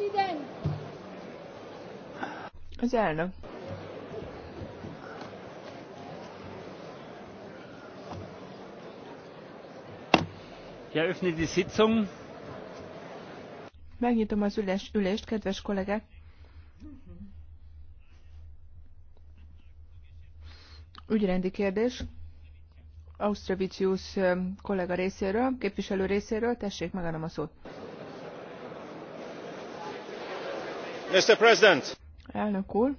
President. Az elnök. Ich eröffne die Sitzung. Megnyitom az ülés, ülést, kedves kollégák. Ügyrendi kérdés. Ausztravicius kollega részéről, képviselő részéről, tessék megadom a szót. Mr. President! Elnök úr!